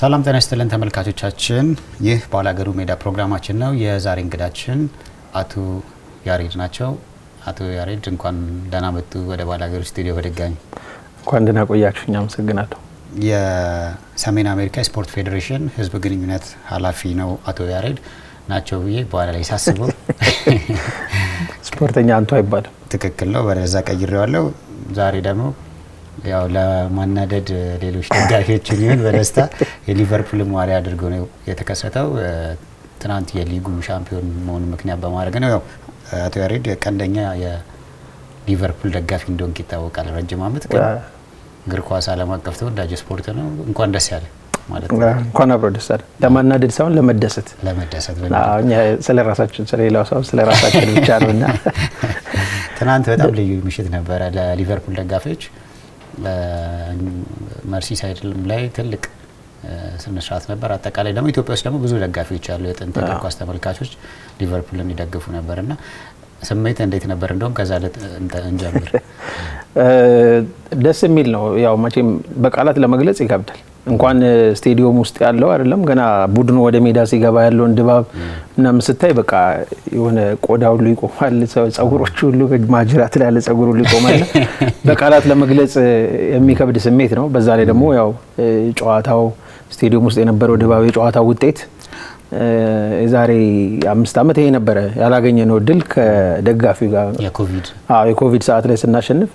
ሰላም ጤና ይስጥልን ተመልካቾቻችን፣ ይህ ባላገሩ ሜዳ ፕሮግራማችን ነው። የዛሬ እንግዳችን አቶ ያሬድ ናቸው። አቶ ያሬድ እንኳን ደህና መጡ ወደ ባላገሩ ስቱዲዮ በድጋሚ። እንኳን ደህና ቆያችሁ። እኛ አመሰግናለሁ። የሰሜን አሜሪካ ስፖርት ፌዴሬሽን ህዝብ ግንኙነት ኃላፊ ነው አቶ ያሬድ ናቸው ብዬ በኋላ ላይ ሳስበው ስፖርተኛ አንቱ አይባልም። ትክክል ነው። በደዛ ቀይሬዋለሁ። ዛሬ ደግሞ ያው ለማናደድ ሌሎች ደጋፊዎችን ይሁን በደስታ የሊቨርፑል ዋሪ አድርጎ ነው የተከሰተው። ትናንት የሊጉ ሻምፒዮን መሆኑ ምክንያት በማድረግ ነው። ያው አቶ ያሬድ ቀንደኛ የሊቨርፑል ደጋፊ እንደሆንክ ይታወቃል። ረጅም ዓመት ግን እግር ኳስ ዓለም አቀፍ ተወዳጅ ስፖርት ነው። እንኳን ደስ ያለ እንኳን አብሮ ደስ አለ። ለማናደድ ሳይሆን ለመደሰት ለመደሰት ስለ ራሳችን ስለሌላው ሰው ስለ ራሳችን ብቻ ነው እና ትናንት በጣም ልዩ ምሽት ነበረ ለሊቨርፑል ደጋፊዎች በመርሲሳይድም ላይ ትልቅ ስነስርዓት ነበር። አጠቃላይ ደግሞ ኢትዮጵያ ውስጥ ደግሞ ብዙ ደጋፊዎች አሉ። የጥንት እግር ኳስ ተመልካቾች ሊቨርፑልን ይደግፉ ነበር እና ስሜት እንዴት ነበር? እንደውም ከዛ እንጀምር። ደስ የሚል ነው። ያው መቼም በቃላት ለመግለጽ ይከብዳል እንኳን ስቴዲየም ውስጥ ያለው አይደለም ገና ቡድኑ ወደ ሜዳ ሲገባ ያለውን ድባብ ምናምን ስታይ በቃ የሆነ ቆዳ ሁሉ ይቆማል፣ ጸጉሮቹ ሁሉ ማጅራት ላይ ያለ ጸጉር ሁሉ ይቆማል። በቃላት ለመግለጽ የሚከብድ ስሜት ነው። በዛ ላይ ደግሞ ያው ጨዋታው ስቴዲየም ውስጥ የነበረው ድባብ የጨዋታው ውጤት የዛሬ አምስት ዓመት ይሄ ነበረ ያላገኘነው ድል ከደጋፊው ጋር የኮቪድ ሰዓት ላይ ስናሸንፍ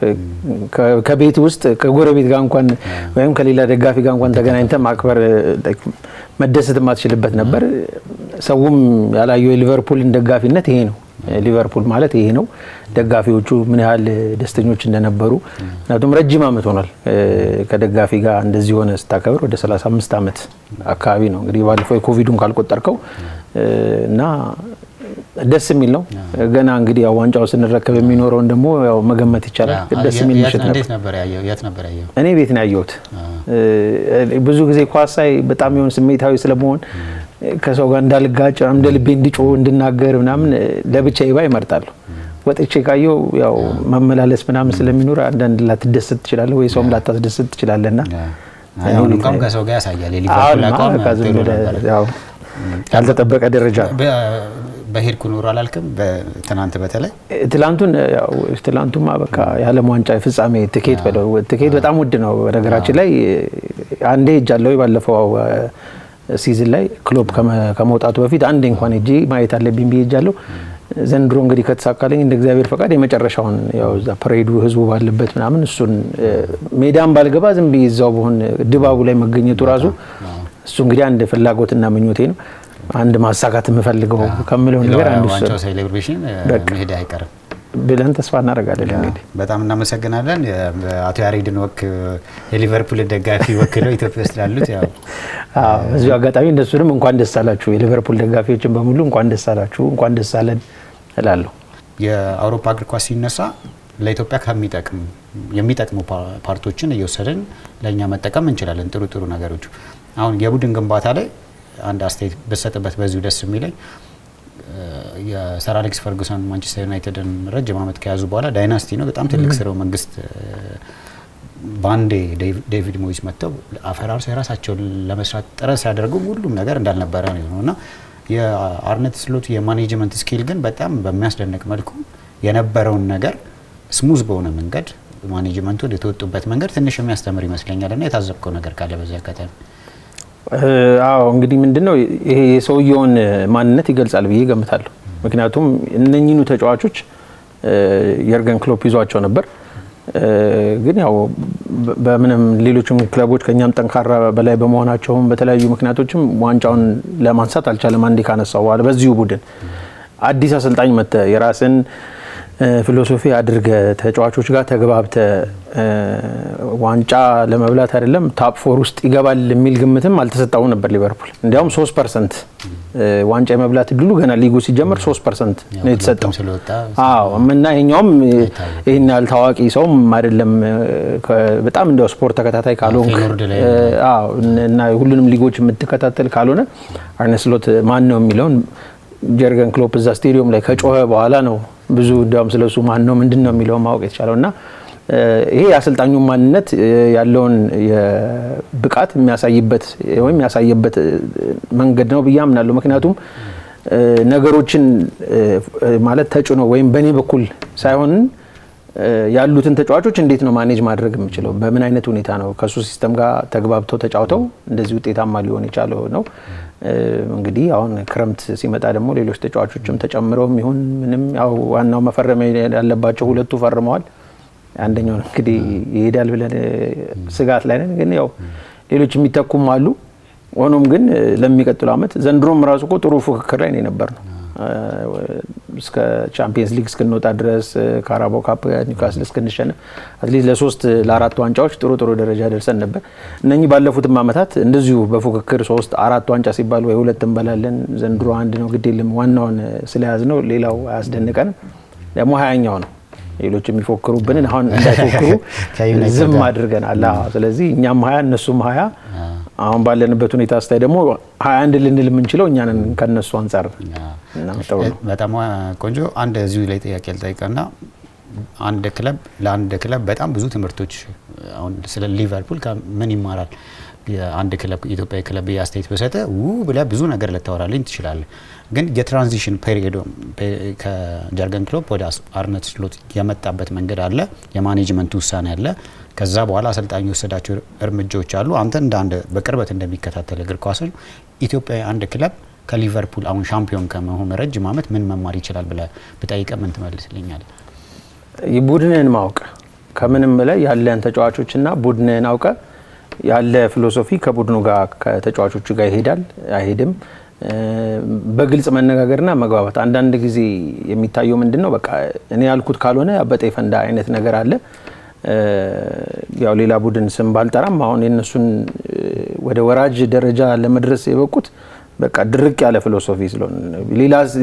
ከቤት ውስጥ ከጎረቤት ጋር እንኳን ወይም ከሌላ ደጋፊ ጋር እንኳን ተገናኝተ ማክበር መደሰት ማትችልበት ነበር። ሰውም ያላየው የሊቨርፑልን ደጋፊነት ይሄ ነው። ሊቨርፑል ማለት ይሄ ነው። ደጋፊዎቹ ምን ያህል ደስተኞች እንደነበሩ። ምክንያቱም ረጅም ዓመት ሆኗል ከደጋፊ ጋር እንደዚህ ሆነ ስታከብር ወደ 35 ዓመት አካባቢ ነው እንግዲህ ባለፈው የኮቪዱን ካልቆጠርከው እና ደስ የሚል ነው። ገና እንግዲህ ያው ዋንጫው ስንረከብ የሚኖረውን ደግሞ ያው መገመት ይቻላል። ደስ የሚል ምሽት ነበር። እኔ ቤት ነው ያየሁት። ብዙ ጊዜ ኳስ ሳይ በጣም የሆነ ስሜታዊ ስለመሆን ከሰው ጋር እንዳልጋጭ እንደ ልቤ እንድናገር ምናምን ለብቻ ይባ ይመርጣሉ። ወጥቼ ካየው ያው መመላለስ ምናምን ስለሚኖር አንዳንድ ላትደሰት ትችላለህ ወይ ሰውም ላታስደሰት ትችላለና ሁሉም ከሰው ጋር ያሳያል። የሊቨርፑል አቋም ያልተጠበቀ ደረጃ በሄድኩ ኖሮ አላልክም። ትናንት በተለይ ትላንቱን ትላንቱማ በቃ የዓለም ዋንጫ ፍጻሜ ትኬት ትኬት በጣም ውድ ነው። በነገራችን ላይ አንዴ ሄጃለሁ ባለፈው ሲዝን ላይ ክሎፕ ከመውጣቱ በፊት አንዴ እንኳን እጄ ማየት አለብኝ ብዬ ሄጃለሁ። ዘንድሮ እንግዲህ ከተሳካለኝ እንደ እግዚአብሔር ፈቃድ የመጨረሻውን ያው እዛ ፕሬዱ ህዝቡ ባለበት ምናምን እሱን ሜዳም ባልገባ ዝም ብዬ እዛው በሆን ድባቡ ላይ መገኘቱ ራሱ እሱ እንግዲህ አንድ ፍላጎትና ምኞቴ ነው። አንድ ማሳካት የምፈልገው ከምለው ነገር አንዱ መሄድ አይቀርም ብለን ተስፋ እናደርጋለን። እንግዲህ በጣም እናመሰግናለን። አቶ ያሬድን ወክ የሊቨርፑል ደጋፊ ወክለው ኢትዮጵያ ውስጥ ላሉት እዚሁ አጋጣሚ እነሱንም እንኳን ደስ አላችሁ፣ የሊቨርፑል ደጋፊዎችን በሙሉ እንኳን ደስ አላችሁ፣ እንኳን ደስ አለን። እላለሁ። የአውሮፓ እግር ኳስ ሲነሳ ለኢትዮጵያ ከሚጠቅም የሚጠቅሙ ፓርቶችን እየወሰድን ለእኛ መጠቀም እንችላለን። ጥሩ ጥሩ ነገሮች አሁን የቡድን ግንባታ ላይ አንድ አስተያየት በሰጥበት በዚሁ ደስ የሚለኝ የሰር አሌክስ ፈርጉሰን ማንቸስተር ዩናይትድን ረጅም ዓመት ከያዙ በኋላ ዳይናስቲ ነው በጣም ትልቅ ስራው መንግስት ባንዴ ዴቪድ ሞይስ መጥተው አፈራርሰው የራሳቸውን ለመስራት ጥረት ሲያደርጉ ሁሉም ነገር እንዳልነበረ ነው የሆነው እና የአርነት ስሎት የማኔጅመንት ስኪል ግን በጣም በሚያስደንቅ መልኩ የነበረውን ነገር ስሙዝ በሆነ መንገድ ማኔጅመንቱን የተወጡበት መንገድ ትንሽ የሚያስተምር ይመስለኛል። እና የታዘብከው ነገር ካለ በዚህ አጋጣሚ? አዎ እንግዲህ ምንድን ነው ይሄ የሰውየውን ማንነት ይገልጻል ብዬ ገምታለሁ። ምክንያቱም እነኝኑ ተጫዋቾች የርገን ክሎፕ ይዟቸው ነበር። ግን ያው በምንም ሌሎችም ክለቦች ከኛም ጠንካራ በላይ በመሆናቸውም በተለያዩ ምክንያቶችም ዋንጫውን ለማንሳት አልቻለም። አንዴ ካነሳው በኋላ በዚሁ ቡድን አዲስ አሰልጣኝ መጥተህ የራስን ፊሎሶፊ አድርገ ተጫዋቾች ጋር ተግባብተ ዋንጫ ለመብላት አይደለም ታፕ ፎር ውስጥ ይገባል የሚል ግምትም አልተሰጠው ነበር ሊቨርፑል። እንዲያውም ሶስት ፐርሰንት ዋንጫ የመብላት እድሉ ገና ሊጉ ሲጀመር ሶስት ፐርሰንት ነው የተሰጠው። አዎ እና ይሄኛውም ይህን ያህል ታዋቂ ሰውም አይደለም። በጣም እንዲያው ስፖርት ተከታታይ ካልሆንክ እና ሁሉንም ሊጎች የምትከታተል ካልሆነ አርነ ማን ነው የሚለውን ጀርገን ክሎፕ እዛ ስቴዲየም ላይ ከጮኸ በኋላ ነው ብዙ እንዲያውም ስለሱ ማን ነው ምንድን ነው የሚለው ማወቅ የተቻለው እና ይሄ የአሰልጣኙ ማንነት ያለውን ብቃት የሚያሳይበት ወይም የሚያሳይበት መንገድ ነው ብዬ አምናለሁ። ምክንያቱም ነገሮችን ማለት ተጭኖ ወይም በእኔ በኩል ሳይሆን ያሉትን ተጫዋቾች እንዴት ነው ማኔጅ ማድረግ የምችለው፣ በምን አይነት ሁኔታ ነው ከእሱ ሲስተም ጋር ተግባብተው ተጫውተው እንደዚህ ውጤታማ ሊሆን የቻለው ነው። እንግዲህ አሁን ክረምት ሲመጣ ደግሞ ሌሎች ተጫዋቾችም ተጨምረውም ይሁን ምንም ያው ዋናው መፈረም ያለባቸው ሁለቱ ፈርመዋል። አንደኛው እንግዲህ ይሄዳል ብለን ስጋት ላይ ነን፣ ግን ያው ሌሎች የሚተኩም አሉ። ሆኖም ግን ለሚቀጥሉ አመት ዘንድሮም ራሱ እኮ ጥሩ ፉክክር ላይ ነው የነበር ነው እስከ ቻምፒየንስ ሊግ እስክንወጣ ድረስ ካራቦ ካፕ ኒውካስል እስክንሸንፍ አትሊስት ለሶስት ለአራት ዋንጫዎች ጥሩ ጥሩ ደረጃ ደርሰን ነበር። እነኚህ ባለፉትም ዓመታት እንደዚሁ በፉክክር ሶስት አራት ዋንጫ ሲባል ወይ ሁለት እንበላለን። ዘንድሮ አንድ ነው፣ ግድ የለም ዋናውን ስለያዝ ነው። ሌላው አያስደንቀንም። ደግሞ ሀያኛው ነው። ሌሎች የሚፎክሩብንን አሁን እንዳይፎክሩ ዝም አድርገናል። ስለዚህ እኛም ሀያ እነሱም ሀያ አሁን ባለንበት ሁኔታ ስታይ ደግሞ ሀያ አንድ ልንል የምንችለው እኛንን ከነሱ አንጻር በጣም ቆንጆ። አንድ እዚሁ ላይ ጥያቄ ልጠይቀና አንድ ክለብ ለአንድ ክለብ በጣም ብዙ ትምህርቶች አሁን ስለ ሊቨርፑል ምን ይማራል የአንድ ክለብ ኢትዮጵያዊ ክለብ አስተያየት በሰጠ ው ብለህ ብዙ ነገር ልታወራልኝ ትችላለህ። ግን የትራንዚሽን ፔሪዮዱ ከጀርገን ክሎፕ ወደ አርነት ስሎት የመጣበት መንገድ አለ፣ የማኔጅመንት ውሳኔ አለ። ከዛ በኋላ አሰልጣኝ የወሰዳቸው እርምጃዎች አሉ። አንተ እንደ አንድ በቅርበት እንደሚከታተል እግር ኳስ ኢትዮጵያ አንድ ክለብ ከሊቨርፑል አሁን ሻምፒዮን ከመሆን ረጅም ዓመት ምን መማር ይችላል ብለ ብጠይቀ ምን ትመልስልኛል? ቡድንን ማወቅ ከምንም በላይ ያለን ተጫዋቾችና ቡድንን አውቀ ያለ ፊሎሶፊ ከቡድኑ ጋር ከተጫዋቾቹ ጋር ይሄዳል አይሄድም በግልጽ መነጋገርና መግባባት። አንዳንድ ጊዜ የሚታየው ምንድን ነው፣ በቃ እኔ ያልኩት ካልሆነ አበጠ ፈንዳ አይነት ነገር አለ። ያው ሌላ ቡድን ስም ባልጠራም አሁን የእነሱን ወደ ወራጅ ደረጃ ለመድረስ የበቁት በቃ ድርቅ ያለ ፊሎሶፊ ስለሆነ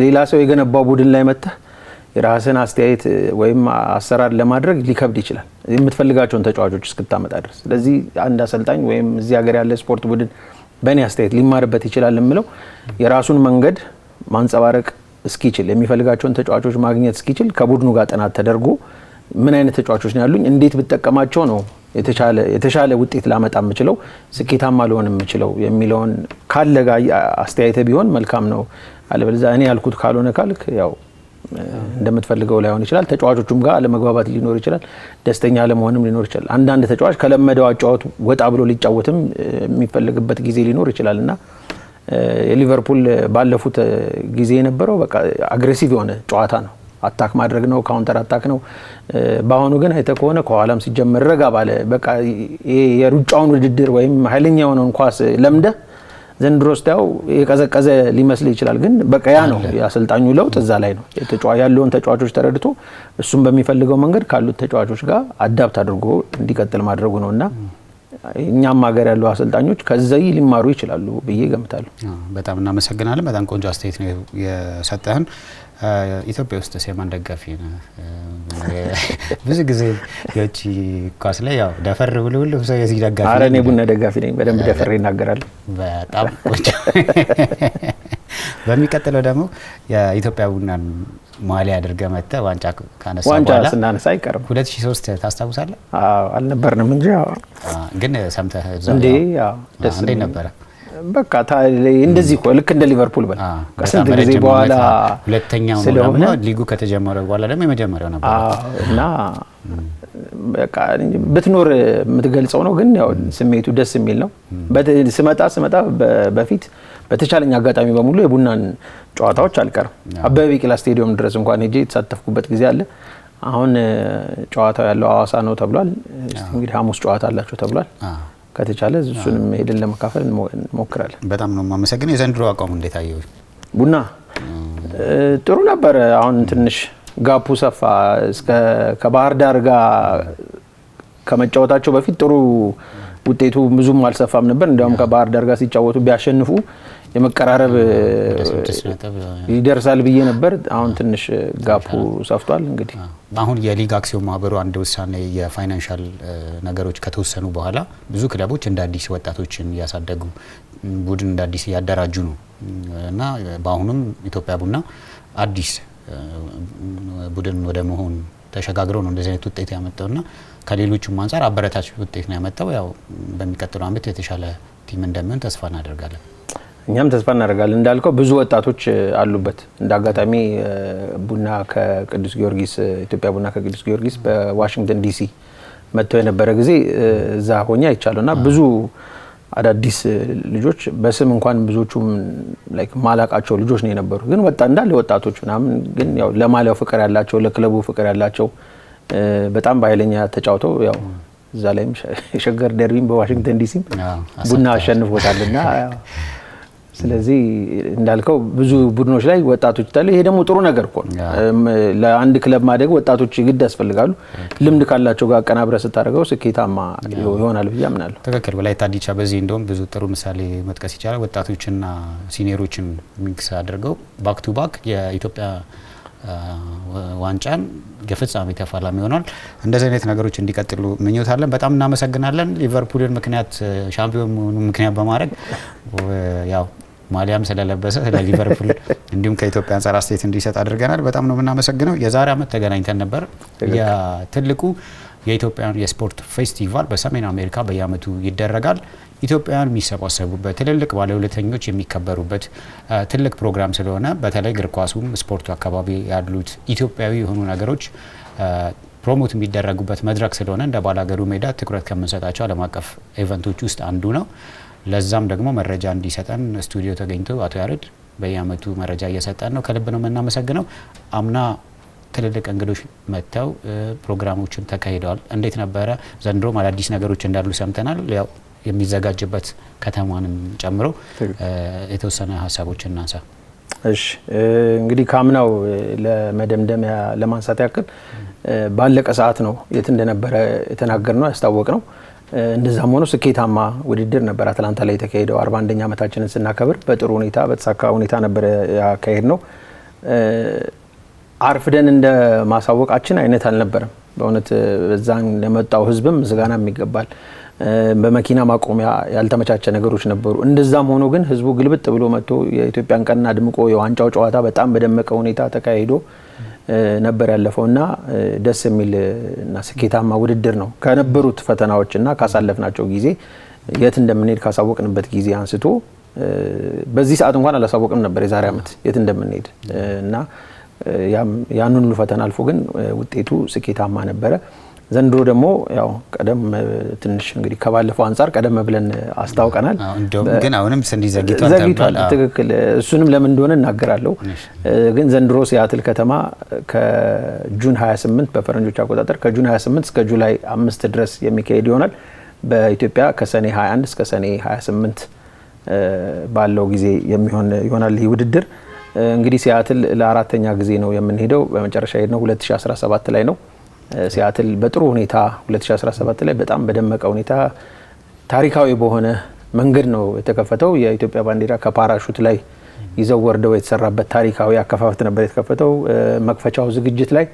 ሌላ ሰው የገነባው ቡድን ላይ መጥተህ የራስን አስተያየት ወይም አሰራር ለማድረግ ሊከብድ ይችላል የምትፈልጋቸውን ተጫዋቾች እስክታመጣ ድረስ። ስለዚህ አንድ አሰልጣኝ ወይም እዚህ ሀገር ያለ ስፖርት ቡድን በእኔ አስተያየት ሊማርበት ይችላል የምለው የራሱን መንገድ ማንጸባረቅ እስኪችል የሚፈልጋቸውን ተጫዋቾች ማግኘት እስኪችል ከቡድኑ ጋር ጥናት ተደርጎ ምን አይነት ተጫዋቾች ነው ያሉኝ፣ እንዴት ብጠቀማቸው ነው የተሻለ ውጤት ላመጣ የምችለው፣ ስኬታማ ልሆን የምችለው የሚለውን ካለ ጋር አስተያየተ ቢሆን መልካም ነው። አለበለዚያ እኔ ያልኩት ካልሆነ ካልክ ያው እንደምትፈልገው ላይሆን ይችላል። ተጫዋቾቹም ጋር አለመግባባት ሊኖር ይችላል። ደስተኛ አለመሆንም ሊኖር ይችላል። አንዳንድ ተጫዋች ከለመደው አጫወት ወጣ ብሎ ሊጫወትም የሚፈልግበት ጊዜ ሊኖር ይችላል እና የሊቨርፑል ባለፉት ጊዜ የነበረው በቃ አግሬሲቭ የሆነ ጨዋታ ነው። አታክ ማድረግ ነው፣ ካውንተር አታክ ነው። በአሁኑ ግን አይተ ከሆነ ከኋላም ሲጀመር ረጋ ባለ በቃ የሩጫውን ውድድር ወይም ኃይለኛ የሆነውን ኳስ ለምደ ዘንድሮ ስታየው የቀዘቀዘ ሊመስል ይችላል፣ ግን በቀያ ነው የአሰልጣኙ ለውጥ እዛ ላይ ነው። ያለውን ተጫዋቾች ተረድቶ እሱም በሚፈልገው መንገድ ካሉት ተጫዋቾች ጋር አዳብት አድርጎ እንዲቀጥል ማድረጉ ነው እና እኛም ሀገር ያሉ አሰልጣኞች ከዚ ሊማሩ ይችላሉ ብዬ ገምታለሁ። በጣም እናመሰግናለን። በጣም ቆንጆ አስተያየት ነው የሰጠህን። ኢትዮጵያ ውስጥ የማን ደጋፊ ነው? ብዙ ጊዜ የውጭ ኳስ ላይ ያው ደፈር ብሎ ሁሉም ሰው የዚህ ደጋፊ። አረ እኔ ቡና ደጋፊ ነኝ። በደንብ ደፈር ይናገራል። በጣም ቆንጆ። በሚቀጥለው ደግሞ የኢትዮጵያ ቡናን ማሊያ አድርገ መጥተ ዋንጫ ካነሳ በኋላ ስናነሳ አይቀርም። 2003 ታስታውሳለህ? አልነበርንም እንጂ ግን ሰምተህ እንዴ? ደስ እንዴ ነበረ በቃ እንደዚህ ልክ እንደ ሊቨርፑል በል ከስንት ጊዜ በኋላ ሁለተኛው ስለሆነ ሊጉ ከተጀመረ በኋላ ደግሞ የመጀመሪያው ነበር እና በቃ ብትኖር የምትገልጸው ነው። ግን ያው ስሜቱ ደስ የሚል ነው። ስመጣ ስመጣ በፊት በተቻለኝ አጋጣሚ በሙሉ የቡናን ጨዋታዎች አልቀርም። አበበ ቢቂላ ስቴዲየም ድረስ እንኳን ሄጄ የተሳተፍኩበት ጊዜ አለ። አሁን ጨዋታው ያለው ሀዋሳ ነው ተብሏል። እንግዲህ ሐሙስ ጨዋታ አላቸው ተብሏል። ከተቻለ እሱን ሄደን ለመካፈል እንሞክራለን። በጣም ነው የማመሰግነው። የዘንድሮ አቋሙ እንዴት አየው? ቡና ጥሩ ነበረ። አሁን ትንሽ ጋፑ ሰፋ። ከባህር ዳር ጋር ከመጫወታቸው በፊት ጥሩ ውጤቱ ብዙም አልሰፋም ነበር። እንዲያውም ከባህር ዳር ጋር ሲጫወቱ ቢያሸንፉ የመቀራረብ ይደርሳል ብዬ ነበር። አሁን ትንሽ ጋፑ ሰፍቷል። እንግዲህ አሁን የሊግ አክሲዮን ማህበሩ አንድ ውሳኔ የፋይናንሻል ነገሮች ከተወሰኑ በኋላ ብዙ ክለቦች እንደ አዲስ ወጣቶችን እያሳደጉ ቡድን እንደ አዲስ እያደራጁ ነው እና በአሁኑም ኢትዮጵያ ቡና አዲስ ቡድን ወደ መሆን ተሸጋግረው ነው እንደዚህ አይነት ውጤት ያመጣው እና ከሌሎቹም አንጻር አበረታች ውጤት ነው ያመጣው። ያው በሚቀጥለው አመት የተሻለ ቲም እንደሚሆን ተስፋ እናደርጋለን። እኛም ተስፋ እናደርጋለን። እንዳልከው ብዙ ወጣቶች አሉበት። እንደ አጋጣሚ ቡና ከቅዱስ ጊዮርጊስ ኢትዮጵያ ቡና ከቅዱስ ጊዮርጊስ በዋሽንግተን ዲሲ መጥተው የነበረ ጊዜ እዛ ሆኜ አይቻለሁ እና ብዙ አዳዲስ ልጆች በስም እንኳን ብዙዎቹም ላይክ ማላቃቸው ልጆች ነው የነበሩ። ግን ወጣ እንዳለ ወጣቶች ምናምን ግን ያው ለማሊያው ፍቅር ያላቸው ለክለቡ ፍቅር ያላቸው በጣም በኃይለኛ ተጫውተው ያው እዛ ላይም የሸገር ደርቢም በዋሽንግተን ዲሲም ቡና አሸንፎታልና ስለዚህ እንዳልከው ብዙ ቡድኖች ላይ ወጣቶች ይታሉ። ይሄ ደግሞ ጥሩ ነገር እኮ ነው። ለአንድ ክለብ ማደግ ወጣቶች ግድ ያስፈልጋሉ። ልምድ ካላቸው ጋር አቀናብረ ስታደርገው ስኬታማ ይሆናል ብዬ አምናለሁ። ትክክል። ወላይታ ዲቻ በዚህ እንደውም ብዙ ጥሩ ምሳሌ መጥቀስ ይቻላል። ወጣቶችና ሲኒየሮችን ሚክስ አድርገው ባክ ቱ ባክ የኢትዮጵያ ዋንጫን የፍጻሜ ተፋላሚ ይሆናል። እንደዚህ አይነት ነገሮች እንዲቀጥሉ ምኞታለን። በጣም እናመሰግናለን። ሊቨርፑልን ምክንያት ሻምፒዮን መሆኑ ምክንያት በማድረግ ያው ማሊያም ስለለበሰ ስለ ሊቨርፑል እንዲሁም ከኢትዮጵያ አንጻር አስተያየት እንዲሰጥ አድርገናል። በጣም ነው የምናመሰግነው። የዛሬ ዓመት ተገናኝተን ነበር። የትልቁ የኢትዮጵያን የስፖርት ፌስቲቫል በሰሜን አሜሪካ በየአመቱ ይደረጋል። ኢትዮጵያውያን የሚሰባሰቡበት ትልልቅ ባለሁለተኞች የሚከበሩበት ትልቅ ፕሮግራም ስለሆነ በተለይ እግር ኳሱም ስፖርቱ አካባቢ ያሉት ኢትዮጵያዊ የሆኑ ነገሮች ፕሮሞት የሚደረጉበት መድረክ ስለሆነ እንደ ባላገሩ ሜዳ ትኩረት ከምንሰጣቸው ዓለም አቀፍ ኢቨንቶች ውስጥ አንዱ ነው። ለዛም ደግሞ መረጃ እንዲሰጠን ስቱዲዮ ተገኝቶ አቶ ያሬድ በየአመቱ መረጃ እየሰጠን ነው። ከልብ ነው የምናመሰግነው። አምና ትልልቅ እንግዶች መጥተው ፕሮግራሞችን ተካሂደዋል። እንዴት ነበረ? ዘንድሮም አዳዲስ ነገሮች እንዳሉ ሰምተናል። ያው የሚዘጋጅበት ከተማንም ጨምሮ የተወሰነ ሀሳቦች እናንሳ። እሺ እንግዲህ ከአምናው ለመደምደሚያ ለማንሳት ያክል ባለቀ ሰዓት ነው የት እንደነበረ የተናገር ነው ያስታወቅ ነው እንደዛም ሆኖ ስኬታማ ውድድር ነበር አትላንታ ላይ የተካሄደው። አርባ አንደኛ ዓመታችንን ስናከብር በጥሩ ሁኔታ በተሳካ ሁኔታ ነበር ያካሄድ ነው። አርፍደን እንደ ማሳወቃችን አይነት አልነበረም። በእውነት በዛን ለመጣው ህዝብም ምስጋናም ይገባል። በመኪና ማቆሚያ ያልተመቻቸ ነገሮች ነበሩ። እንደዛም ሆኖ ግን ህዝቡ ግልብጥ ብሎ መጥቶ የኢትዮጵያን ቀን አድምቆ የዋንጫው ጨዋታ በጣም በደመቀ ሁኔታ ተካሂዶ ነበር ያለፈው እና ደስ የሚል እና ስኬታማ ውድድር ነው። ከነበሩት ፈተናዎች እና ካሳለፍናቸው ጊዜ የት እንደምንሄድ ካሳወቅንበት ጊዜ አንስቶ በዚህ ሰዓት እንኳን አላሳወቅም ነበር የዛሬ ዓመት የት እንደምንሄድ እና ያንን ሁሉ ፈተና አልፎ ግን ውጤቱ ስኬታማ ነበረ። ዘንድሮ ደግሞ ያው ቀደም ትንሽ እንግዲህ ከባለፈው አንጻር ቀደም ብለን አስታውቀናል። ግን አሁንም ስንዲ ዘግይቷል። ትክክል። እሱንም ለምን እንደሆነ እናገራለሁ። ግን ዘንድሮ ሲያትል ከተማ ከጁን 28 በፈረንጆች አቆጣጠር ከጁን 28 እስከ ጁላይ አምስት ድረስ የሚካሄድ ይሆናል። በኢትዮጵያ ከሰኔ 21 እስከ ሰኔ 28 ባለው ጊዜ የሚሆን ይሆናል ይህ ውድድር። እንግዲህ ሲያትል ለአራተኛ ጊዜ ነው የምንሄደው። በመጨረሻ ሄድነው 2017 ላይ ነው። ሲያትል በጥሩ ሁኔታ 2017 ላይ በጣም በደመቀ ሁኔታ ታሪካዊ በሆነ መንገድ ነው የተከፈተው። የኢትዮጵያ ባንዲራ ከፓራሹት ላይ ይዘው ወርደው የተሰራበት ታሪካዊ አከፋፈት ነበር የተከፈተው። መክፈቻው ዝግጅት ላይ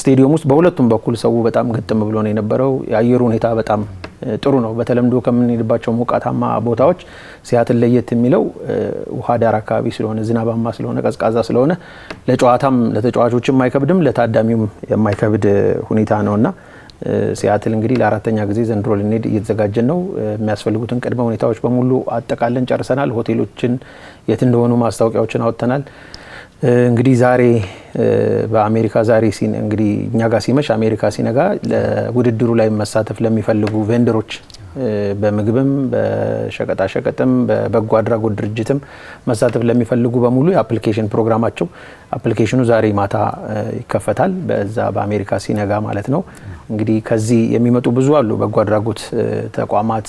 ስቴዲየም ውስጥ በሁለቱም በኩል ሰው በጣም ግጥም ብሎ ነው የነበረው። የአየር ሁኔታ በጣም ጥሩ ነው። በተለምዶ ከምንሄድባቸው ሞቃታማ ቦታዎች ሲያትል ለየት የሚለው ውሃ ዳር አካባቢ ስለሆነ ዝናባማ ስለሆነ ቀዝቃዛ ስለሆነ ለጨዋታም ለተጫዋቾች የማይከብድም ለታዳሚውም የማይከብድ ሁኔታ ነው እና ሲያትል እንግዲህ ለአራተኛ ጊዜ ዘንድሮ ልንሄድ እየተዘጋጀን ነው። የሚያስፈልጉትን ቅድመ ሁኔታዎች በሙሉ አጠቃለን ጨርሰናል። ሆቴሎችን የት እንደሆኑ ማስታወቂያዎችን አውጥተናል። እንግዲህ ዛሬ በአሜሪካ ዛሬ እንግዲህ እኛ ጋር ሲመሽ አሜሪካ ሲነጋ ለውድድሩ ላይ መሳተፍ ለሚፈልጉ ቬንደሮች በምግብም በሸቀጣሸቀጥም በበጎ አድራጎት ድርጅትም መሳተፍ ለሚፈልጉ በሙሉ የአፕሊኬሽን ፕሮግራማቸው አፕሊኬሽኑ ዛሬ ማታ ይከፈታል። በዛ በአሜሪካ ሲነጋ ማለት ነው። እንግዲህ ከዚህ የሚመጡ ብዙ አሉ። በጎ አድራጎት ተቋማት፣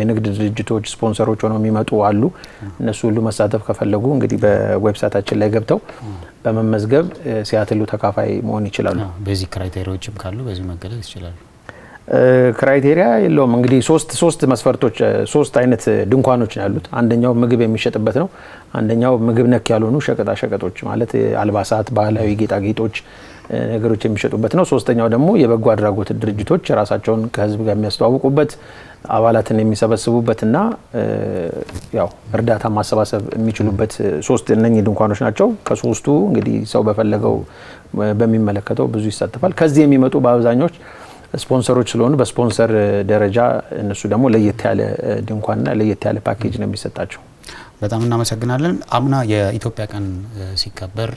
የንግድ ድርጅቶች ስፖንሰሮች ሆነው የሚመጡ አሉ። እነሱ ሁሉ መሳተፍ ከፈለጉ እንግዲህ በዌብሳይታችን ላይ ገብተው በመመዝገብ ሲያትሉ ተካፋይ መሆን ይችላሉ። በዚህ ክራይቴሪያዎችም ካሉ በዚህ መገለጽ ይችላሉ። ክራይቴሪያ የለውም። እንግዲህ ሶስት ሶስት መስፈርቶች ሶስት አይነት ድንኳኖች ነው ያሉት። አንደኛው ምግብ የሚሸጥበት ነው። አንደኛው ምግብ ነክ ያልሆኑ ሸቀጣ ሸቀጦች ማለት አልባሳት፣ ባህላዊ ጌጣጌጦች ነገሮች የሚሸጡበት ነው። ሶስተኛው ደግሞ የበጎ አድራጎት ድርጅቶች ራሳቸውን ከህዝብ ጋር የሚያስተዋውቁበት አባላትን የሚሰበስቡበትና ያው እርዳታ ማሰባሰብ የሚችሉበት ሶስት እነኚህ ድንኳኖች ናቸው። ከሶስቱ እንግዲህ ሰው በፈለገው በሚመለከተው ብዙ ይሳተፋል። ከዚህ የሚመጡ በአብዛኞች ስፖንሰሮች ስለሆኑ በስፖንሰር ደረጃ እነሱ ደግሞ ለየት ያለ ድንኳንና ለየት ያለ ፓኬጅ ነው የሚሰጣቸው። በጣም እናመሰግናለን። አምና የኢትዮጵያ ቀን ሲከበር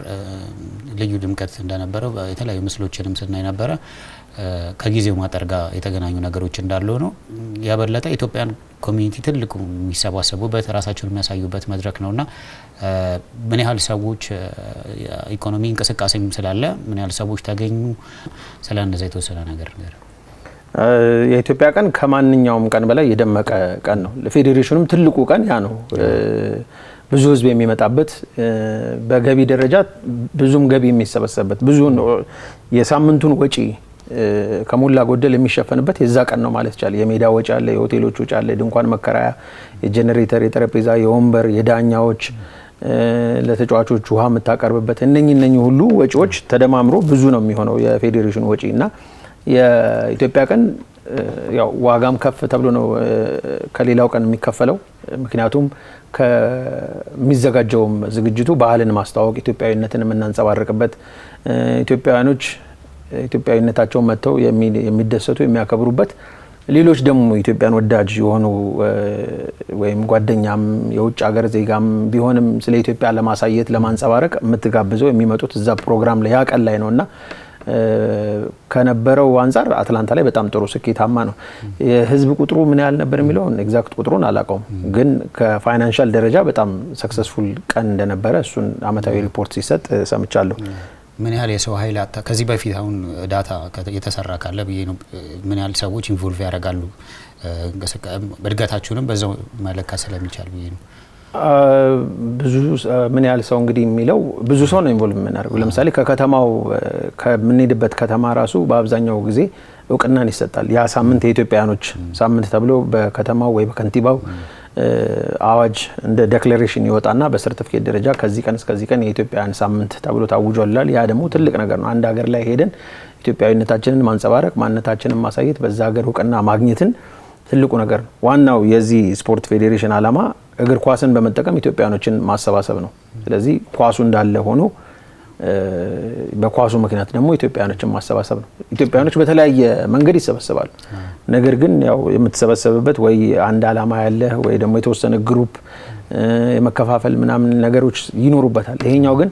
ልዩ ድምቀት እንደነበረው የተለያዩ ምስሎችንም ስናይ ነበረ። ከጊዜው ማጠር ጋር የተገናኙ ነገሮች እንዳለ ነው። የበለጠ ኢትዮጵያን ኮሚኒቲ ትልቁ የሚሰባሰቡበት ራሳቸውን የሚያሳዩበት መድረክ ነውና ምን ያህል ሰዎች ኢኮኖሚ እንቅስቃሴም ስላለ ምን ያህል ሰዎች ተገኙ፣ ስለ እንደዛ የተወሰነ ነገር ነገር የኢትዮጵያ ቀን ከማንኛውም ቀን በላይ የደመቀ ቀን ነው። ለፌዴሬሽኑም ትልቁ ቀን ያ ነው። ብዙ ህዝብ የሚመጣበት በገቢ ደረጃ ብዙም ገቢ የሚሰበሰብበት ብዙ የሳምንቱን ወጪ ከሞላ ጎደል የሚሸፈንበት የዛ ቀን ነው ማለት ይቻላል። የሜዳ ወጪ አለ፣ የሆቴሎች ወጪ አለ፣ የድንኳን መከራያ፣ የጀኔሬተር፣ የጠረጴዛ፣ የወንበር፣ የዳኛዎች፣ ለተጫዋቾች ውሃ የምታቀርብበት እነኚህ እነኚህ ሁሉ ወጪዎች ተደማምሮ ብዙ ነው የሚሆነው የፌዴሬሽኑ ወጪ እና የኢትዮጵያ ቀን ያው ዋጋም ከፍ ተብሎ ነው ከሌላው ቀን የሚከፈለው። ምክንያቱም ከሚዘጋጀውም ዝግጅቱ ባህልን ማስተዋወቅ፣ ኢትዮጵያዊነትን የምናንጸባርቅበት ኢትዮጵያውያኖች ኢትዮጵያዊነታቸውን መጥተው የሚደሰቱ የሚያከብሩበት ሌሎች ደግሞ ኢትዮጵያን ወዳጅ የሆኑ ወይም ጓደኛም የውጭ ሀገር ዜጋም ቢሆንም ስለ ኢትዮጵያ ለማሳየት ለማንጸባረቅ የምትጋብዘው የሚመጡት እዛ ፕሮግራም ላይ ያቀን ላይ ነው እና ከነበረው አንጻር አትላንታ ላይ በጣም ጥሩ ስኬታማ ነው። የህዝብ ቁጥሩ ምን ያህል ነበር የሚለውን ኤግዛክት ቁጥሩን አላውቀውም፣ ግን ከፋይናንሻል ደረጃ በጣም ሰክሰስፉል ቀን እንደነበረ እሱን አመታዊ ሪፖርት ሲሰጥ ሰምቻለሁ። ምን ያህል የሰው ኃይል አታ ከዚህ በፊት አሁን ዳታ የተሰራ ካለ ብዬ ነው። ምን ያህል ሰዎች ኢንቮልቭ ያደርጋሉ እድገታችሁንም በዛው መለካ ስለሚቻል ብዬ ነው። ብዙ ምን ያህል ሰው እንግዲህ የሚለው ብዙ ሰው ነው ኢንቮልቭ የምናደርገው። ለምሳሌ ከከተማው ከምንሄድበት ከተማ ራሱ በአብዛኛው ጊዜ እውቅናን ይሰጣል። ያ ሳምንት የኢትዮጵያውያኖች ሳምንት ተብሎ በከተማው ወይ በከንቲባው አዋጅ እንደ ዴክሌሬሽን ይወጣና በሰርቲፊኬት ደረጃ ከዚህ ቀን እስከዚህ ቀን የኢትዮጵያውያን ሳምንት ተብሎ ታውጇል ያ ደግሞ ትልቅ ነገር ነው። አንድ ሀገር ላይ ሄደን ኢትዮጵያዊነታችንን ማንጸባረቅ፣ ማንነታችንን ማሳየት፣ በዛ ሀገር እውቅና ማግኘትን ትልቁ ነገር ነው። ዋናው የዚህ ስፖርት ፌዴሬሽን ዓላማ እግር ኳስን በመጠቀም ኢትዮጵያኖችን ማሰባሰብ ነው። ስለዚህ ኳሱ እንዳለ ሆኖ በኳሱ ምክንያት ደግሞ ኢትዮጵያኖችን ማሰባሰብ ነው። ኢትዮጵያኖች በተለያየ መንገድ ይሰበሰባሉ። ነገር ግን ያው የምትሰበሰብበት ወይ አንድ አላማ ያለህ ወይ ደግሞ የተወሰነ ግሩፕ የመከፋፈል ምናምን ነገሮች ይኖሩበታል። ይሄኛው ግን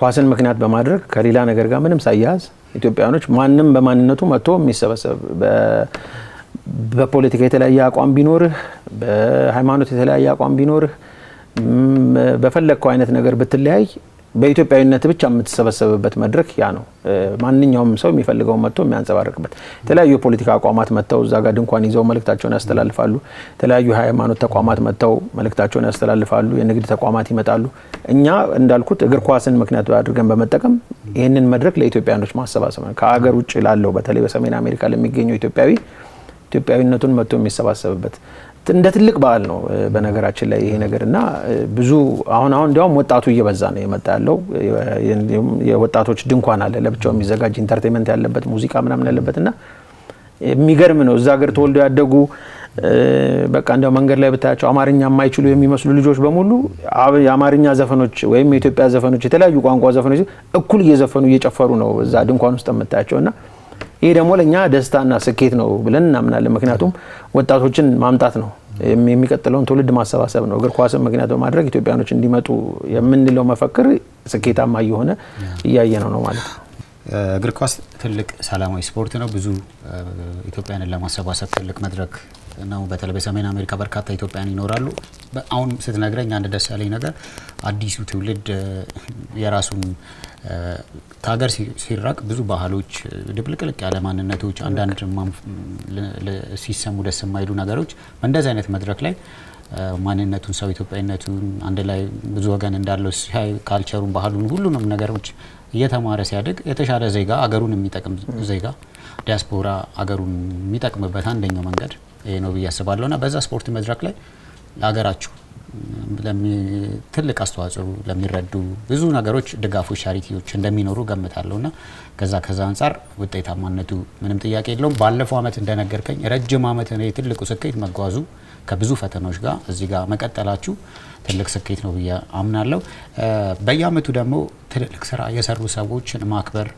ኳስን ምክንያት በማድረግ ከሌላ ነገር ጋር ምንም ሳያያዝ ኢትዮጵያኖች ማንም በማንነቱ መጥቶ የሚሰበሰብ በፖለቲካ የተለያየ አቋም ቢኖርህ፣ በሃይማኖት የተለያየ አቋም ቢኖርህ፣ በፈለግከው አይነት ነገር ብትለያይ በኢትዮጵያዊነት ብቻ የምትሰበሰብበት መድረክ ያ ነው። ማንኛውም ሰው የሚፈልገውን መጥቶ የሚያንጸባርቅበት። የተለያዩ የፖለቲካ አቋማት መጥተው እዛ ጋር ድንኳን ይዘው መልእክታቸውን ያስተላልፋሉ። የተለያዩ የሃይማኖት ተቋማት መጥተው መልእክታቸውን ያስተላልፋሉ። የንግድ ተቋማት ይመጣሉ። እኛ እንዳልኩት እግር ኳስን ምክንያት አድርገን በመጠቀም ይህንን መድረክ ለኢትዮጵያኖች ማሰባሰብ ነው። ከሀገር ውጭ ላለው በተለይ በሰሜን አሜሪካ ለሚገኘው ኢትዮጵያዊ ኢትዮጵያዊነቱን መጥቶ የሚሰባሰብበት እንደ ትልቅ በዓል ነው። በነገራችን ላይ ይሄ ነገር እና ብዙ አሁን አሁን እንዲያውም ወጣቱ እየበዛ ነው የመጣ ያለው። የወጣቶች ድንኳን አለ ለብቻው የሚዘጋጅ ኢንተርቴንመንት ያለበት ሙዚቃ ምናምን ያለበት እና የሚገርም ነው። እዛ ሀገር ተወልደው ያደጉ በቃ እንዲያው መንገድ ላይ ብታያቸው አማርኛ የማይችሉ የሚመስሉ ልጆች በሙሉ የአማርኛ ዘፈኖች ወይም የኢትዮጵያ ዘፈኖች፣ የተለያዩ ቋንቋ ዘፈኖች እኩል እየዘፈኑ እየጨፈሩ ነው እዛ ድንኳን ውስጥ የምታያቸው እና ይሄ ደግሞ ለእኛ ደስታና ስኬት ነው ብለን እናምናለን። ምክንያቱም ወጣቶችን ማምጣት ነው የሚቀጥለውን ትውልድ ማሰባሰብ ነው። እግር ኳስን ምክንያት በማድረግ ኢትዮጵያኖች እንዲመጡ የምንለው መፈክር ስኬታማ እየሆነ እያየ ነው ነው ማለት ነው። እግር ኳስ ትልቅ ሰላማዊ ስፖርት ነው። ብዙ ኢትዮጵያንን ለማሰባሰብ ትልቅ መድረክ ነው። በተለይ በሰሜን አሜሪካ በርካታ ኢትዮጵያን ይኖራሉ። አሁን ስትነግረኝ አንድ ደስ ያለኝ ነገር አዲሱ ትውልድ የራሱን ከሀገር ሲራቅ ብዙ ባህሎች፣ ድብልቅልቅ ያለ ማንነቶች፣ አንዳንድ ሲሰሙ ደስ የማይሉ ነገሮች በእንደዚህ አይነት መድረክ ላይ ማንነቱን ሰው ኢትዮጵያዊነቱን አንድ ላይ ብዙ ወገን እንዳለው ሲያይ ካልቸሩን፣ ባህሉን፣ ሁሉንም ነገሮች እየተማረ ሲያድግ የተሻለ ዜጋ አገሩን የሚጠቅም ዜጋ ዲያስፖራ አገሩን የሚጠቅምበት አንደኛው መንገድ ይሄ ነው ብዬ አስባለሁ እና በዛ ስፖርት መድረክ ላይ ለሀገራችሁ ትልቅ አስተዋጽኦ ለሚረዱ ብዙ ነገሮች፣ ድጋፎች፣ ቻሪቲዎች እንደሚኖሩ ገምታለሁ ና ከዛ ከዛ አንጻር ውጤታማነቱ ምንም ጥያቄ የለውም። ባለፈው ዓመት እንደነገርከኝ ረጅም ነው የትልቁ ስኬት መጓዙ ከብዙ ፈተናዎች ጋር እዚህ ጋር መቀጠላችሁ ትልቅ ስኬት ነው ብዬ አምናለሁ። በየአመቱ ደግሞ ትልልቅ ስራ የሰሩ ሰዎችን ማክበር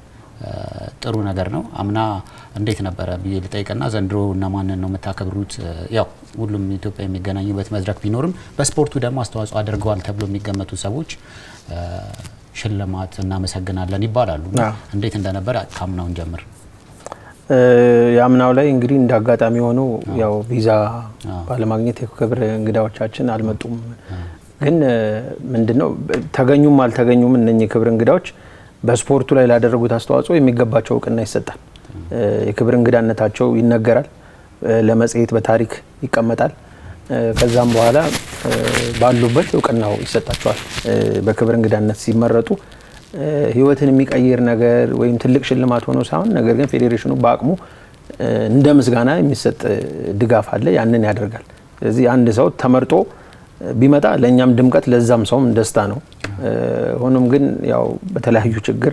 ጥሩ ነገር ነው። አምና እንዴት ነበረ ብዬ ልጠይቅና ዘንድሮ እና ማንን ነው የምታከብሩት? ያው ሁሉም ኢትዮጵያ የሚገናኙበት መድረክ ቢኖርም በስፖርቱ ደግሞ አስተዋጽኦ አድርገዋል ተብሎ የሚገመቱ ሰዎች ሽልማት እናመሰግናለን ይባላሉ። እንዴት እንደነበረ ከአምናውን ጀምር። የአምናው ላይ እንግዲህ እንደ አጋጣሚ ሆኖ ያው ቪዛ ባለማግኘት የክብር እንግዳዎቻችን አልመጡም። ግን ምንድነው ተገኙም አልተገኙም እነኚህ ክብር እንግዳዎች በስፖርቱ ላይ ላደረጉት አስተዋጽኦ የሚገባቸው እውቅና ይሰጣል። የክብር እንግዳነታቸው ይነገራል፣ ለመጽሔት በታሪክ ይቀመጣል። ከዛም በኋላ ባሉበት እውቅናው ይሰጣቸዋል። በክብር እንግዳነት ሲመረጡ ህይወትን የሚቀይር ነገር ወይም ትልቅ ሽልማት ሆኖ ሳይሆን ነገር ግን ፌዴሬሽኑ በአቅሙ እንደ ምስጋና የሚሰጥ ድጋፍ አለ። ያንን ያደርጋል። ስለዚህ አንድ ሰው ተመርጦ ቢመጣ ለእኛም ድምቀት ለዛም ሰውም ደስታ ነው። ሆኖም ግን ያው በተለያዩ ችግር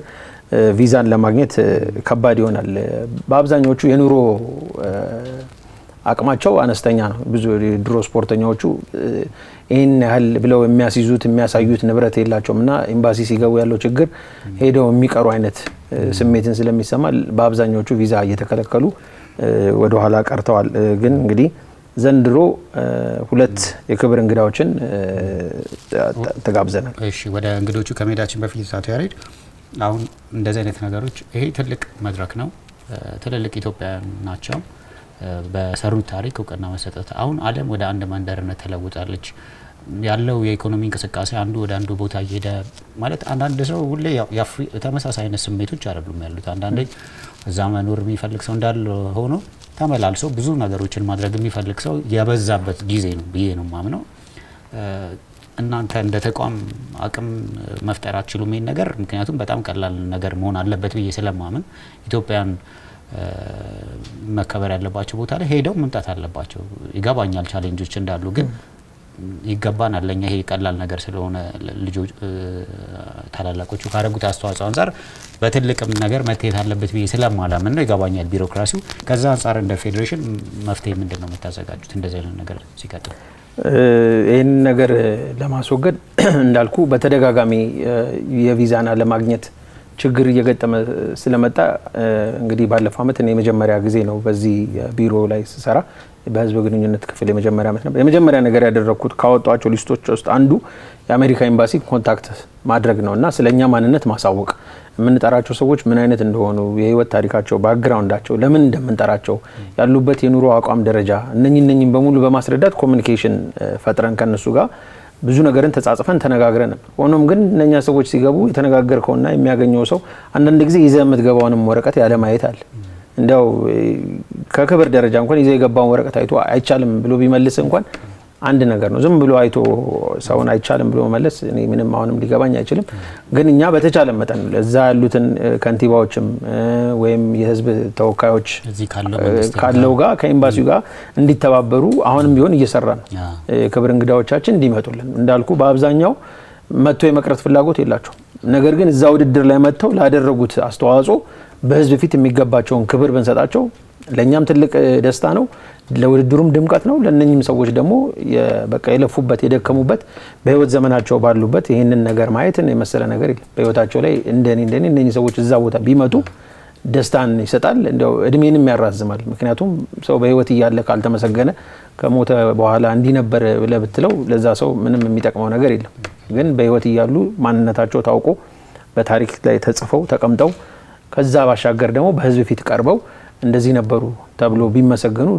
ቪዛን ለማግኘት ከባድ ይሆናል። በአብዛኛዎቹ የኑሮ አቅማቸው አነስተኛ ነው። ብዙ ድሮ ስፖርተኛዎቹ ይህን ያህል ብለው የሚያስይዙት የሚያሳዩት ንብረት የላቸውም እና ኤምባሲ ሲገቡ ያለው ችግር ሄደው የሚቀሩ አይነት ስሜትን ስለሚሰማ በአብዛኛዎቹ ቪዛ እየተከለከሉ ወደኋላ ቀርተዋል። ግን እንግዲህ ዘንድሮ ሁለት የክብር እንግዳዎችን ተጋብዘናል። እሺ ወደ እንግዶቹ ከመሄዳችን በፊት ሳቶ ያሬድ፣ አሁን እንደዚህ አይነት ነገሮች ይሄ ትልቅ መድረክ ነው። ትልልቅ ኢትዮጵያውያን ናቸው በሰሩት ታሪክ እውቅና መሰጠት። አሁን ዓለም ወደ አንድ መንደርነት ተለውጣለች። ያለው የኢኮኖሚ እንቅስቃሴ አንዱ ወደ አንዱ ቦታ እየሄደ ማለት አንዳንድ ሰው ሁሌ ተመሳሳይ አይነት ስሜቶች አይደሉም ያሉት። አንዳንዴ እዛ መኖር የሚፈልግ ሰው እንዳለ ሆኖ ተመላልሶ ብዙ ነገሮችን ማድረግ የሚፈልግ ሰው የበዛበት ጊዜ ነው ብዬ ነው ማምነው። እናንተ እንደ ተቋም አቅም መፍጠር አትችሉም ሜን ነገር፣ ምክንያቱም በጣም ቀላል ነገር መሆን አለበት ብዬ ስለማምን ኢትዮጵያን መከበር ያለባቸው ቦታ ላይ ሄደው መምጣት አለባቸው። ይገባኛል ቻሌንጆች እንዳሉ ግን ይገባናል። ለእኛ ይሄ ቀላል ነገር ስለሆነ ልጆች ታላላቆቹ ካደረጉት አስተዋጽኦ አንጻር በትልቅም ነገር መታየት አለበት ብዬ ስለማላምን ነው። ይገባኛል ቢሮክራሲው። ከዛ አንጻር እንደ ፌዴሬሽን መፍትሄ ምንድን ነው የምታዘጋጁት እንደዚህ አይነት ነገር ሲቀጥል? ይህን ነገር ለማስወገድ እንዳልኩ በተደጋጋሚ የቪዛና ለማግኘት ችግር እየገጠመ ስለመጣ እንግዲህ ባለፈው አመት እኔ የመጀመሪያ ጊዜ ነው በዚህ ቢሮ ላይ ስሰራ በህዝብ ግንኙነት ክፍል የመጀመሪያ ዓመት ነበር። የመጀመሪያ ነገር ያደረግኩት ካወጧቸው ሊስቶች ውስጥ አንዱ የአሜሪካ ኤምባሲ ኮንታክት ማድረግ ነው እና ስለ እኛ ማንነት ማሳወቅ የምንጠራቸው ሰዎች ምን አይነት እንደሆኑ፣ የህይወት ታሪካቸው፣ ባክግራውንዳቸው፣ ለምን እንደምንጠራቸው፣ ያሉበት የኑሮ አቋም ደረጃ እነኝ እነኝም በሙሉ በማስረዳት ኮሚኒኬሽን ፈጥረን ከእነሱ ጋር ብዙ ነገርን ተጻጽፈን ተነጋግረን ነበር። ሆኖም ግን እነኛ ሰዎች ሲገቡ የተነጋገርከውና የሚያገኘው ሰው አንዳንድ ጊዜ ይዘ የምትገባውንም ወረቀት ያለማየት አለ እንዲያው ከክብር ደረጃ እንኳን ይዞ የገባውን ወረቀት አይቶ አይቻልም ብሎ ቢመልስ እንኳን አንድ ነገር ነው። ዝም ብሎ አይቶ ሰውን አይቻልም ብሎ መመለስ እኔ ምንም አሁንም ሊገባኝ አይችልም። ግን እኛ በተቻለ መጠን እዛ ያሉትን ከንቲባዎችም ወይም የህዝብ ተወካዮች ካለው ጋር ከኤምባሲው ጋር እንዲተባበሩ አሁንም ቢሆን እየሰራ ነው። ክብር እንግዳዎቻችን እንዲመጡልን እንዳልኩ በአብዛኛው መጥቶ የመቅረት ፍላጎት የላቸውም። ነገር ግን እዛ ውድድር ላይ መጥተው ላደረጉት አስተዋጽኦ በህዝብ ፊት የሚገባቸውን ክብር ብንሰጣቸው ለእኛም ትልቅ ደስታ ነው፣ ለውድድሩም ድምቀት ነው። ለእነኝም ሰዎች ደግሞ በቃ የለፉበት የደከሙበት በህይወት ዘመናቸው ባሉበት ይህንን ነገር ማየት የመሰለ ነገር የለም በህይወታቸው ላይ እንደኔ እንደኔ እነ ሰዎች እዛ ቦታ ቢመጡ ደስታን ይሰጣል፣ እንዲያው እድሜንም ያራዝማል። ምክንያቱም ሰው በህይወት እያለ ካልተመሰገነ ከሞተ በኋላ እንዲህ ነበር ብለህ ብትለው ለዛ ሰው ምንም የሚጠቅመው ነገር የለም። ግን በህይወት እያሉ ማንነታቸው ታውቆ በታሪክ ላይ ተጽፈው ተቀምጠው ከዛ ባሻገር ደግሞ በህዝብ ፊት ቀርበው እንደዚህ ነበሩ ተብሎ ቢመሰገኑ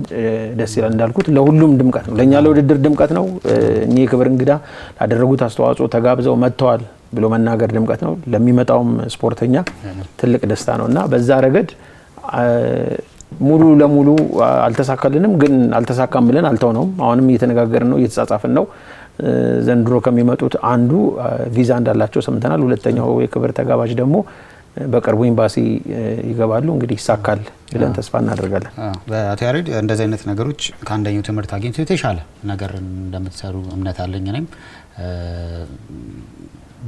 ደስ ይላል። እንዳልኩት ለሁሉም ድምቀት ነው፣ ለእኛ ለውድድር ድምቀት ነው። እኚህ የክብር እንግዳ ላደረጉት አስተዋጽኦ ተጋብዘው መጥተዋል ብሎ መናገር ድምቀት ነው፣ ለሚመጣውም ስፖርተኛ ትልቅ ደስታ ነው እና በዛ ረገድ ሙሉ ለሙሉ አልተሳካልንም፣ ግን አልተሳካም ብለን አልተውነውም። አሁንም እየተነጋገርን ነው፣ እየተጻጻፍን ነው። ዘንድሮ ከሚመጡት አንዱ ቪዛ እንዳላቸው ሰምተናል። ሁለተኛው የክብር ተጋባዥ ደግሞ በቅርቡ ኤምባሲ ይገባሉ። እንግዲህ ይሳካል ብለን ተስፋ እናደርጋለን። አቶ ያሬድ እንደዚህ አይነት ነገሮች ከአንደኛው ትምህርት አግኝቶ የተሻለ ነገር እንደምትሰሩ እምነት አለኝ። እኔም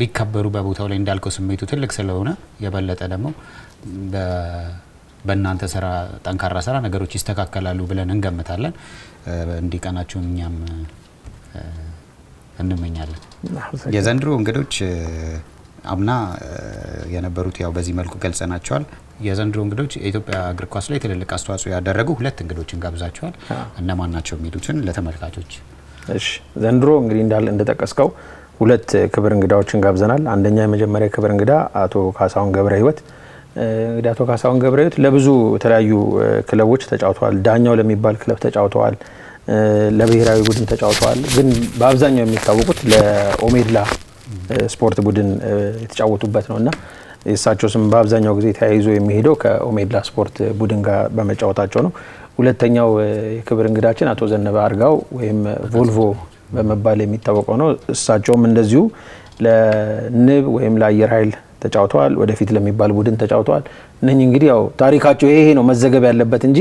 ቢከበሩ በቦታው ላይ እንዳልከው ስሜቱ ትልቅ ስለሆነ የበለጠ ደግሞ በእናንተ ስራ ጠንካራ ስራ ነገሮች ይስተካከላሉ ብለን እንገምታለን። እንዲቀናቸው እኛም እንመኛለን። የዘንድሮ እንግዶች አምና የነበሩት ያው በዚህ መልኩ ገልጸናቸዋል። የዘንድሮ እንግዶች የኢትዮጵያ እግር ኳስ ላይ ትልልቅ አስተዋጽኦ ያደረጉ ሁለት እንግዶችን ጋብዛቸዋል። እነማን ናቸው የሚሉትን ለተመልካቾች። እሺ ዘንድሮ እንግዲህ እንዳል እንደጠቀስከው ሁለት ክብር እንግዳዎችን ጋብዘናል። አንደኛ የመጀመሪያ ክብር እንግዳ አቶ ካሳሁን ገብረ ህይወት እንግዲህ አቶ ካሳሁን ገብረ ህይወት ለብዙ የተለያዩ ክለቦች ተጫውተዋል። ዳኛው ለሚባል ክለብ ተጫውተዋል። ለብሔራዊ ቡድን ተጫውተዋል። ግን በአብዛኛው የሚታወቁት ለኦሜድላ ስፖርት ቡድን የተጫወቱበት ነው እና የእሳቸው ስም በአብዛኛው ጊዜ ተያይዞ የሚሄደው ከኦሜድላ ስፖርት ቡድን ጋር በመጫወታቸው ነው። ሁለተኛው የክብር እንግዳችን አቶ ዘነበ አርጋው ወይም ቮልቮ በመባል የሚታወቀው ነው። እሳቸውም እንደዚሁ ለንብ ወይም ለአየር ኃይል ተጫውተዋል። ወደፊት ለሚባል ቡድን ተጫውተዋል። እነህ እንግዲህ ያው ታሪካቸው ይሄ ነው መዘገብ ያለበት እንጂ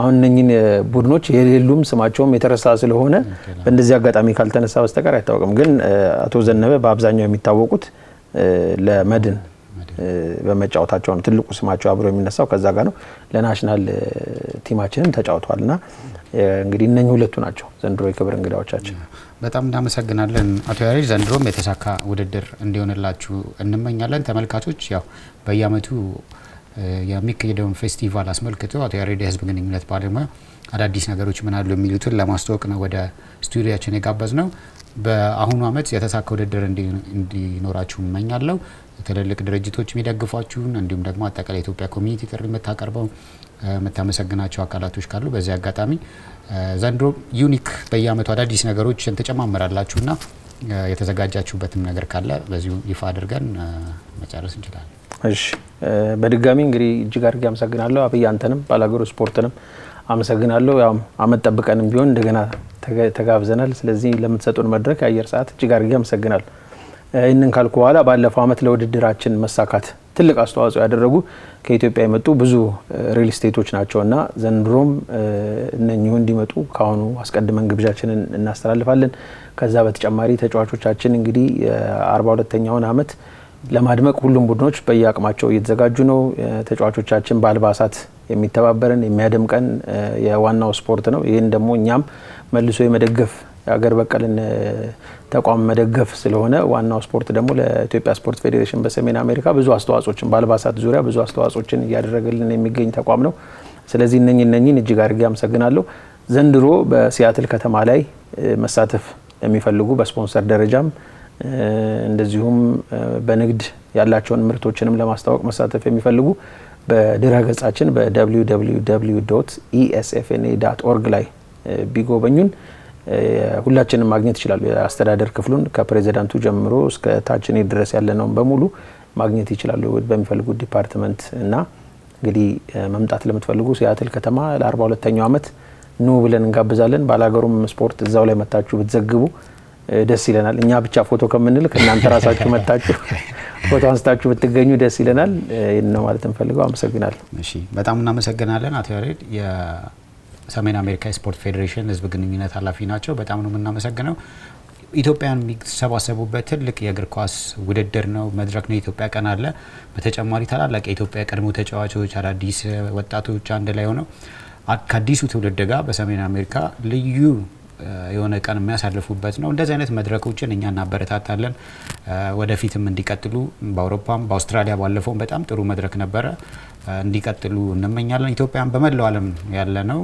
አሁን እነኝን ቡድኖች የሌሉም ስማቸውም የተረሳ ስለሆነ በእንደዚህ አጋጣሚ ካልተነሳ በስተቀር አይታወቅም። ግን አቶ ዘነበ በአብዛኛው የሚታወቁት ለመድን በመጫወታቸው ነው። ትልቁ ስማቸው አብሮ የሚነሳው ከዛ ጋር ነው። ለናሽናል ቲማችንም ተጫውተዋል እና እንግዲህ እነኚህ ሁለቱ ናቸው ዘንድሮ የክብር እንግዳዎቻችን። በጣም እናመሰግናለን አቶ ያሬድ። ዘንድሮም የተሳካ ውድድር እንዲሆንላችሁ እንመኛለን። ተመልካቾች ያው በየአመቱ የሚካሄደውን ፌስቲቫል አስመልክቶ አቶ ያሬድ የህዝብ ግንኙነት ባለሙያ አዳዲስ ነገሮች ምን አሉ የሚሉትን ለማስተዋወቅ ነው ወደ ስቱዲያችን የጋበዝ ነው። በአሁኑ አመት የተሳካ ውድድር እንዲኖራችሁ እመኛለሁ። ትልልቅ ድርጅቶች የሚደግፏችሁን እንዲሁም ደግሞ አጠቃላይ ኢትዮጵያ ኮሚኒቲ ጥሪ የምታቀርበው የምታመሰግናቸው አካላቶች ካሉ በዚህ አጋጣሚ ዘንድሮ ዩኒክ በየአመቱ አዳዲስ ነገሮችን ትጨማምራላችሁና የተዘጋጃችሁበትም ነገር ካለ በዚሁ ይፋ አድርገን መጨረስ እንችላለን። እሺ በድጋሚ እንግዲህ እጅግ አድርጌ አመሰግናለሁ። አብይ አንተንም ባላገሩ ስፖርትንም አመሰግናለሁ። ያው አመት ጠብቀንም ቢሆን እንደገና ተጋብዘናል። ስለዚህ ለምትሰጡን መድረክ የአየር ሰዓት እጅግ አድርጌ አመሰግናለሁ። ይህንን ካልኩ በኋላ ባለፈው አመት ለውድድራችን መሳካት ትልቅ አስተዋጽኦ ያደረጉ ከኢትዮጵያ የመጡ ብዙ ሪል ስቴቶች ናቸው እና ዘንድሮም እነኚሁ እንዲመጡ ከአሁኑ አስቀድመን ግብዣችንን እናስተላልፋለን። ከዛ በተጨማሪ ተጫዋቾቻችን እንግዲህ የአርባ ሁለተኛውን አመት ለማድመቅ ሁሉም ቡድኖች በየአቅማቸው እየተዘጋጁ ነው። ተጫዋቾቻችን በአልባሳት የሚተባበረን የሚያደምቀን የዋናው ስፖርት ነው። ይህን ደግሞ እኛም መልሶ የመደገፍ የሀገር በቀልን ተቋም መደገፍ ስለሆነ ዋናው ስፖርት ደግሞ ለኢትዮጵያ ስፖርት ፌዴሬሽን በሰሜን አሜሪካ ብዙ አስተዋጽኦችን በአልባሳት ዙሪያ ብዙ አስተዋጽኦችን እያደረገልን የሚገኝ ተቋም ነው። ስለዚህ እነኝ እነኝን እጅግ አድርጌ አመሰግናለሁ። ዘንድሮ በሲያትል ከተማ ላይ መሳተፍ የሚፈልጉ በስፖንሰር ደረጃም እንደዚሁም በንግድ ያላቸውን ምርቶችንም ለማስተዋወቅ መሳተፍ የሚፈልጉ በድረ ገጻችን በwww ኢኤስኤፍኤንኤ e ኦርግ ላይ ቢጎበኙን ሁላችንም ማግኘት ይችላሉ። የአስተዳደር ክፍሉን ከፕሬዚዳንቱ ጀምሮ እስከ ታችኔ ድረስ ድረስ ነውን በሙሉ ማግኘት ይችላሉ በሚፈልጉት ዲፓርትመንት እና እንግዲህ መምጣት ለምትፈልጉ ሲያትል ከተማ ለአርባ ሁለተኛው ዓመት ኑ ብለን እንጋብዛለን። ባላገሩም ስፖርት እዛው ላይ መታችሁ ብትዘግቡ ደስ ይለናል። እኛ ብቻ ፎቶ ከምንል ከእናንተ ራሳችሁ መታችሁ ፎቶ አንስታችሁ ብትገኙ ደስ ይለናል። ይህን ነው ማለት እንፈልገው። አመሰግናለሁ። በጣም እናመሰግናለን አቶ ያሬድ። ሰሜን አሜሪካ የስፖርት ፌዴሬሽን ህዝብ ግንኙነት ኃላፊ ናቸው። በጣም ነው የምናመሰግነው። ኢትዮጵያን የሚሰባሰቡበት ትልቅ የእግር ኳስ ውድድር ነው፣ መድረክ ነው። የኢትዮጵያ ቀን አለ። በተጨማሪ ታላላቅ የኢትዮጵያ ቀድሞ ተጫዋቾች፣ አዳዲስ ወጣቶች አንድ ላይ ሆነው ከአዲሱ ትውልድ ጋር በሰሜን አሜሪካ ልዩ የሆነ ቀን የሚያሳልፉበት ነው። እንደዚህ አይነት መድረኮችን እኛ እናበረታታለን። ወደፊትም እንዲቀጥሉ በአውሮፓም በአውስትራሊያ ባለፈውም በጣም ጥሩ መድረክ ነበረ። እንዲቀጥሉ እንመኛለን። ኢትዮጵያን በመላው ዓለም ያለ ነው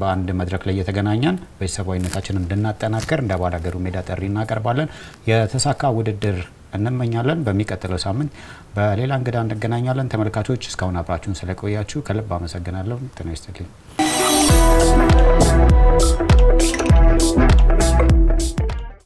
በአንድ መድረክ ላይ እየተገናኘን ቤተሰባዊነታችንን እንድናጠናከር እንደ ባል ሀገሩ ሜዳ ጠሪ እናቀርባለን። የተሳካ ውድድር እንመኛለን። በሚቀጥለው ሳምንት በሌላ እንግዳ እንገናኛለን። ተመልካቾች እስካሁን አብራችሁን ስለቆያችሁ ከልብ አመሰግናለሁ። ጤና ይስጥልኝ።